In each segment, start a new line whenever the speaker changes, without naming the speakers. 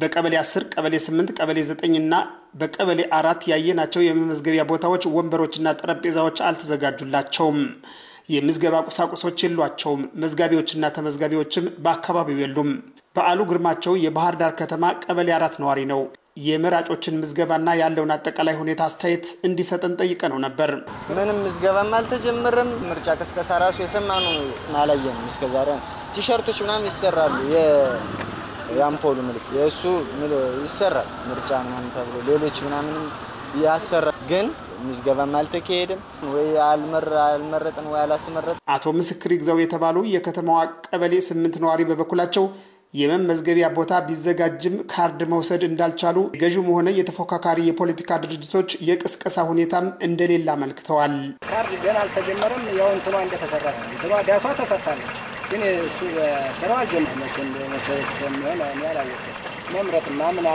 በቀበሌ 10፣ ቀበሌ 8፣ ቀበሌ 9 እና በቀበሌ አራት ያየናቸው የመመዝገቢያ ቦታዎች ወንበሮችና ጠረጴዛዎች አልተዘጋጁላቸውም። የምዝገባ ቁሳቁሶች የሏቸውም። መዝጋቢዎችና ተመዝጋቢዎችም በአካባቢው የሉም። በዓሉ ግርማቸው የባህር ዳር ከተማ ቀበሌ አራት ነዋሪ ነው። የመራጮችን ምዝገባና ያለውን አጠቃላይ ሁኔታ አስተያየት እንዲሰጠን ጠይቀነው ነበር። ምንም ምዝገባም አልተጀመረም። ምርጫ ቅስቀሳ ራሱ የሰማኑ አላየንም እስከዛሬ። ቲሸርቶች ምናምን ይሰራሉ የአምፖሉ ምልክ የእሱ ይሰራል። ምርጫ ምናምን ተብሎ ሌሎች ምናምንም ያሰራል ግን ምዝገባም አልተካሄድም ወይ አልመረጥን ወይ አላስመረጥ። አቶ ምስክር ይግዛው የተባሉ የከተማዋ ቀበሌ ስምንት ነዋሪ በበኩላቸው የመመዝገቢያ ቦታ ቢዘጋጅም ካርድ መውሰድ እንዳልቻሉ ገዥም ሆነ የተፎካካሪ የፖለቲካ ድርጅቶች የቅስቀሳ ሁኔታም እንደሌለ አመልክተዋል። ካርድ ገና አልተጀመረም። ያው እንትኗ እንደተሰራ ነው። እንትኗ ዳሷ ተሰርታለች ግን እሱ በስራው አልጀመረች እንደመቼ ስለሚሆን እኔ አላወቅም። መምረጥማ ምን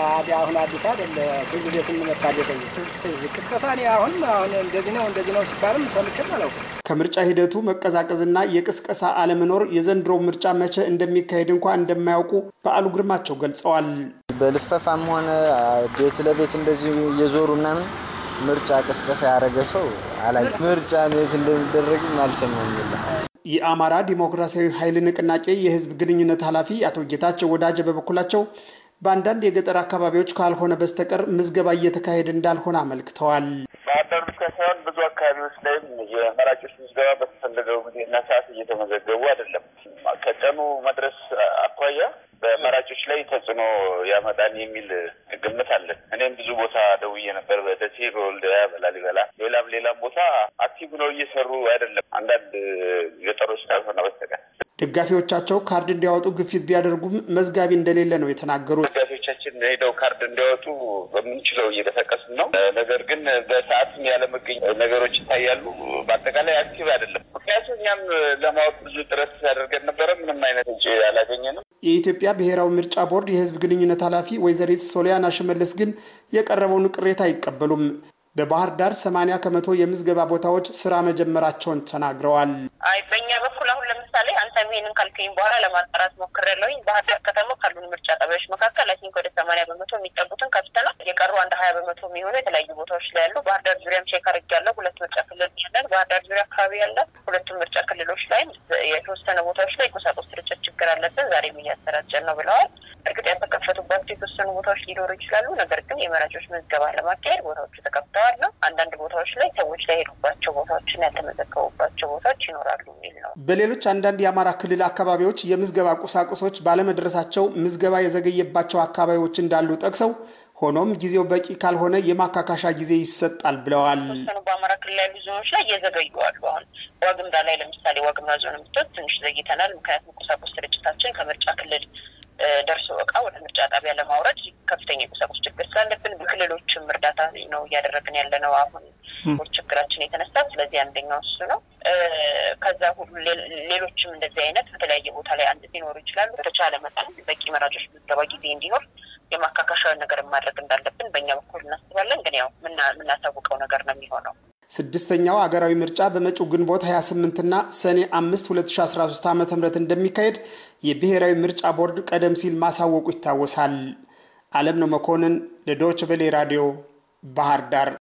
አሁን አዲስ አይደለ። ሁልጊዜ ስንመጣ ደቀየ ቅስቀሳ እኔ አሁን አሁን እንደዚህ ነው እንደዚህ ነው ሲባልም ሰምቼም አላውቅም። ከምርጫ ሂደቱ መቀዛቀዝና የቅስቀሳ አለመኖር የዘንድሮው ምርጫ መቼ እንደሚካሄድ እንኳ እንደማያውቁ በአሉ ግርማቸው ገልጸዋል። በልፈፋም ሆነ ቤት ለቤት እንደዚህ እየዞሩ ምናምን ምርጫ ቅስቀሳ ያደረገ ሰው አላ ምርጫ ቤት እንደሚደረግም አልሰማም። የአማራ ዲሞክራሲያዊ ኃይል ንቅናቄ የህዝብ ግንኙነት ኃላፊ አቶ ጌታቸው ወዳጀ በበኩላቸው በአንዳንድ የገጠር አካባቢዎች ካልሆነ በስተቀር ምዝገባ እየተካሄደ እንዳልሆነ አመልክተዋል።
ባህርዳር ብቻ ሳይሆን ብዙ አካባቢዎች ላይም የመራጮች ምዝገባ በተፈለገው ጊዜና ሰዓት እየተመዘገቡ አይደለም። ከቀኑ መድረስ አኳያ በመራጮች ላይ ተጽዕኖ ያመጣል የሚል ግምት አለን። እኔም ብዙ ቦታ ደውዬ ነበር፣ በደሴ፣ በወልዲያ፣ በላሊበላ ሌላም ሌላም ቦታ አክቲቭ ነው እየሰሩ አይደለም፣ አንዳንድ ገጠሮች ካልሆነ በስተቀር
ደጋፊዎቻቸው ካርድ እንዲያወጡ ግፊት ቢያደርጉም መዝጋቢ እንደሌለ ነው የተናገሩት።
ደጋፊዎቻችን ሄደው ካርድ እንዲያወጡ በምንችለው እየቀሰቀስን ነው። ነገር ግን በሰዓትም ያለመገኝ ነገሮች ይታያሉ። በአጠቃላይ አክቲቭ አይደለም። ምክንያቱም እኛም ለማወቅ ብዙ ጥረት ያደርገን ነበረ። ምንም አይነት እጅ አላገኘንም።
የኢትዮጵያ ብሔራዊ ምርጫ ቦርድ የህዝብ ግንኙነት ኃላፊ ወይዘሪት ሶሊያና ሽመልስ ግን የቀረበውን ቅሬታ አይቀበሉም። በባህር ዳር ሰማንያ ከመቶ የምዝገባ ቦታዎች ስራ መጀመራቸውን ተናግረዋል።
አይ በእኛ በኩል አሁን ለምሳሌ
አንተም ይሄንን ካልከኝ በኋላ ለማጣራት ሞክሬያለሁኝ። ባህር ዳር ከተማ ካሉን ምርጫ ጣቢያዎች መካከል አይ ቲንክ ወደ ሰማንያ በመቶ የሚጠጉትን ከፍተናል። የቀሩ አንድ 20 በመቶ የሚሆኑ የተለያዩ ቦታዎች ላይ ያሉ ባህር ዳር ዙሪያም ቼክ አድርጌያለሁ። ሁለት ምርጫ ክልል ባህር ዳር ዙሪያ አካባቢ ያለ ሁለቱም ምርጫ ክልሎች ላይ የተወሰነ ቦታዎች ላይ ቁሳቁስ ስርጭት ችግር አለብን፣ ዛሬም እያሰራጨን ነው ብለዋል። እርግጥ ያልተከፈቱባቸው የተወሰኑ ቦታዎች ሊኖሩ ይችላሉ። ነገር ግን የመራጮች ምዝገባ ለማካሄድ ቦታዎቹ ተከፍተዋል ነው። አንዳንድ ቦታዎች ላይ ሰዎች ላይሄዱባቸው ቦታዎችን ያልተመዘገቡባቸው ቦታዎች ይኖራሉ የሚል ነው።
በሌሎች አንዳንድ የአማራ ክልል አካባቢዎች የምዝገባ ቁሳቁሶች ባለመድረሳቸው ምዝገባ የዘገየባቸው አካባቢዎች እንዳሉ ጠቅሰው ሆኖም ጊዜው በቂ ካልሆነ የማካካሻ ጊዜ ይሰጣል ብለዋል። ተወሰኑ
በአማራ ክልል ያሉ ዞኖች ላይ እየዘገዩ አሉ። አሁን ዋግምራ ላይ ለምሳሌ ዋግምራ ዞን የምትወት ትንሽ ዘግይተናል። ምክንያቱም ቁሳቁስ ስርጭታችን ከምርጫ ክልል ደርሶ እቃ ወደ ምርጫ ጣቢያ ለማውረድ ከፍተኛ የቁሳቁስ ችግር ስላለብን በክልሎችም እርዳታ ነው እያደረግን ያለ ነው አሁን ችግራችን የተነሳ። ስለዚህ አንደኛው እሱ ነው። ከዛ ሁሉ ሌሎችም እንደዚህ አይነት በተለያየ ቦታ ላይ አንድ ሊኖሩ ይችላሉ። በተቻለ መጠን በቂ መራጮች ምዝገባ ጊዜ እንዲኖር የማካካሻ ነገር ማድረግ እንዳለብን በእኛ በኩል እናስባለን። ግን ያው የምናሳውቀው ነገር ነው የሚሆነው።
ስድስተኛው ሀገራዊ ምርጫ በመጪው ግንቦት 28ና ሰኔ 5 2013 ዓ ም እንደሚካሄድ የብሔራዊ ምርጫ ቦርድ ቀደም ሲል ማሳወቁ ይታወሳል። አለም ነው መኮንን ለዶች ቬሌ ራዲዮ ባህር ዳር